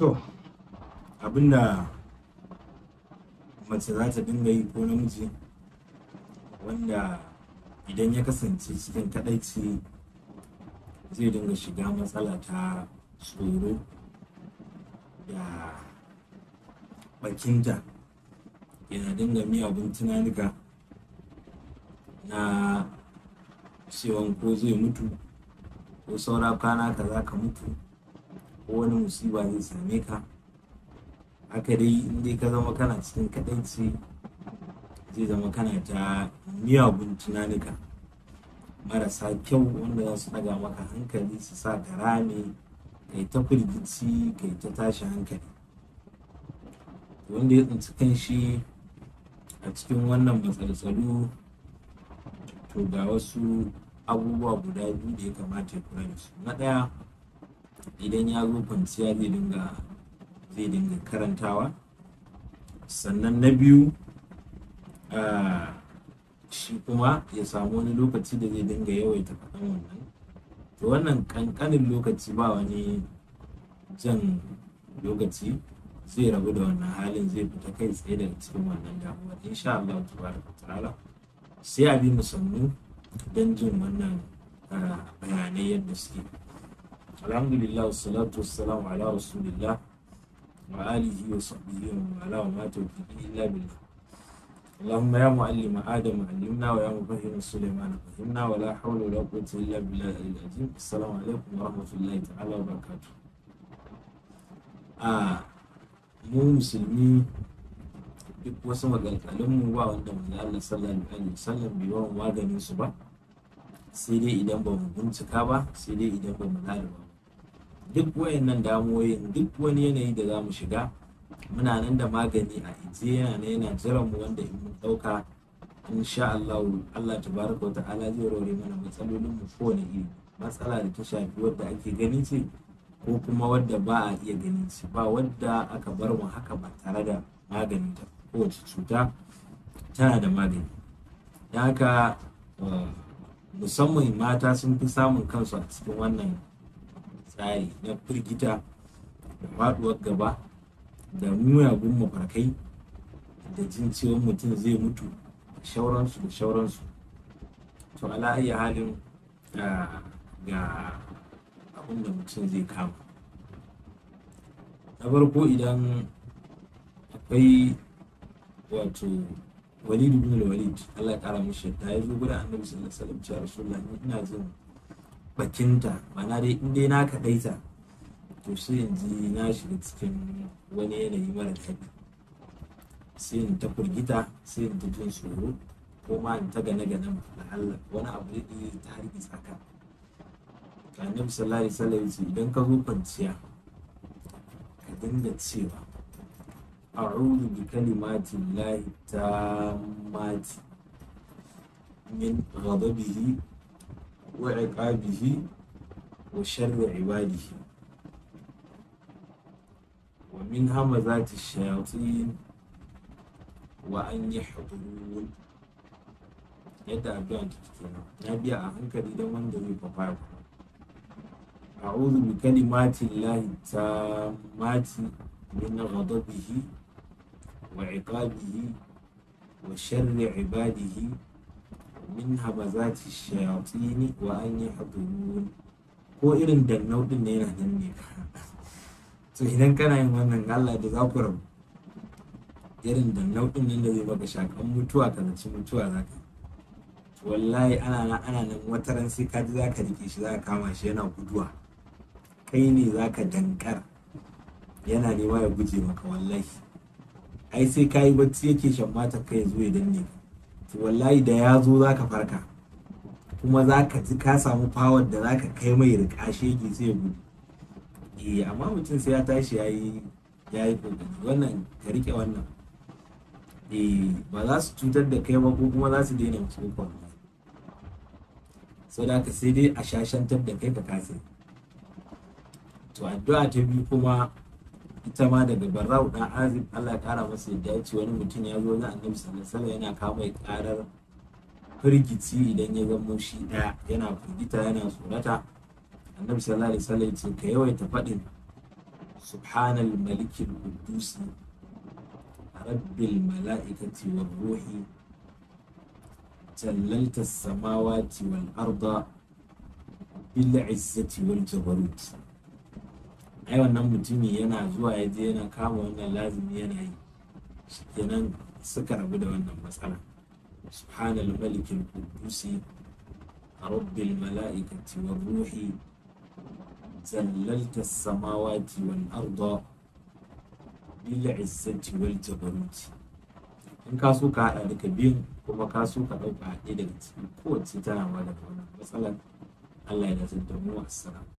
to abinda mace za ta dinga yi ko namiji wanda idan ya kasance cikin kadaici zai dinga shiga matsala ta tsoro da bakinta yana dinga miyagun tunanika na cewan ko zai mutu ko saura kwana kaza ka mutu ko wani musiba zai same ka haka dai in dai ka zama kana cikin kadaici zai zama kana ta miyagun tunanika marasa kyau wanda za su daga maka hankali su sa ka rame kai ta firgici kai ta tashi hankali wanda ya tsinci kan shi a cikin wannan matsaltsalu to ga wasu abubuwa guda biyu da ya kamata ya kula da su na ɗaya idan ya zo kwanciya zai dinga zai karantawa sannan na biyu shi kuma ya samu wani lokaci da zai dinga yawaita faɗin wannan to wannan ƙanƙanin lokaci ba wani jan lokaci zai rabu da wannan halin zai fita kai tsaye daga cikin wannan damuwa sha Allah tabaraka ta'ala sai a bi mu don jin wannan bayanai yadda suke alhamdulillah wasalatu wasalamu ala rasulillah wa alihi wa sahbihi wa ala wa ma tawfiqi illa billah اللهم يا معلم ادم علمنا ويا مفهم سليمان فهمنا ولا حول ولا قوه الا بالله العظيم السلام عليكم ورحمه الله تعالى وبركاته mu musulmi duk wasu maganganun mu ba wanda manzo Allah sallallahu alaihi wasallam bai wa maganin su ba sai dai idan ba mu bincika ba sai dai idan ba mu gane ba duk wayannan damuwoyin duk wani yanayi da za mu shiga muna nan da magani a ije yana na yana jiran mu wanda in mun ɗauka insha Allah Allah tabaraka wa ta'ala zai rore mana matsalolin mu ko na iri matsala da ta shafi wadda ake ganin ce ko kuma wadda ba a iya ganin ce ba wadda aka bar mu haka ba tare da magani ta kowace cuta tana da magani da haka eh, musamman mata sun fi samun kansu a cikin wannan tsari na firgita da faduwar gaba da muyagun mafarkai da jin cewa mutum zai mutu da shauransu da shauransu to ala iya halin ah, ga abin da mutum zai kama na farko idan akwai wato walid bin walid Allah ya kara mishi da ya zo gudan annabi sallallahu alaihi wasallam cewa ina jin bakinta bana dai in dai na kaɗaita to sai in ji na shiga cikin wani yanayi mara daɗi sai in ta firgita sai in ta jin tsoro ko ma in ta gane ganen Allah wani abu ne ta hargitsa ka annabi sallallahu alaihi ce idan ka zo kwanciya ka dinga cewa a'udhu bi kalimati llahi tammati min ghadabihi وعقابه وشر عباده ومن همزات الشياطين وأن يحضرون yadda addu'a take kenan ya biya a hankali don wanda zai fafa a'udhu bi kalimatillahi tammati min wa min habazati shayatini wa an yahdurun ko irin dannau din ne yana nan ne to idan kana yin wannan Allah da za ku rabu irin dannau din da zai baka shakan mutuwa ka zaci mutuwa zaka wallahi ana nan ana nan wata ran sai ka ji zaka rike shi zaka kama shi yana guduwa kai ne ka dankar yana nema ya guje maka wallahi ai sai ka yi bacci yake shan mata kai ya zo ya danne ka wallahi da ya zo zaka farka kuma za ka ji ka samu power da za ka kai mai rika shege sai ya gudu eh amma mutum sai ya tashi ya yi ya yi wannan ka rike wannan eh ba za su cutar da kai ba ko kuma za su daina musu kokon sau da ka sai dai a shashantar da kai ka kasa to addu'a ta biyu kuma ita ma daga barra'u dan azib Allah kara masa yadda ya ce wani mutum ya zo na annabi sallallahu alaihi yana kama ya karar firgici idan ya zama shi daya yana firgita yana tsorata annabi sallallahu alaihi wasallam ce ka yawaita faɗin subhanal malikil quddus rabbil mala'ikati war ruhi jallalta samawati wal arda bil izzati wal jabarut ai wannan mutumi yana zuwa ya je yana kama wannan lazimi yana yi kenan suka rabu da wannan matsala subhanal malikin kudusi rabbil mala'ikati wa ruhi zallalta samawati wal arda bil izzati wal jabaruti in ka so ka haɗa duka biyun kuma ka so ka ɗauka haɗe daga cikin kowace tana ma wannan matsalar Allah ya dace mu assalamu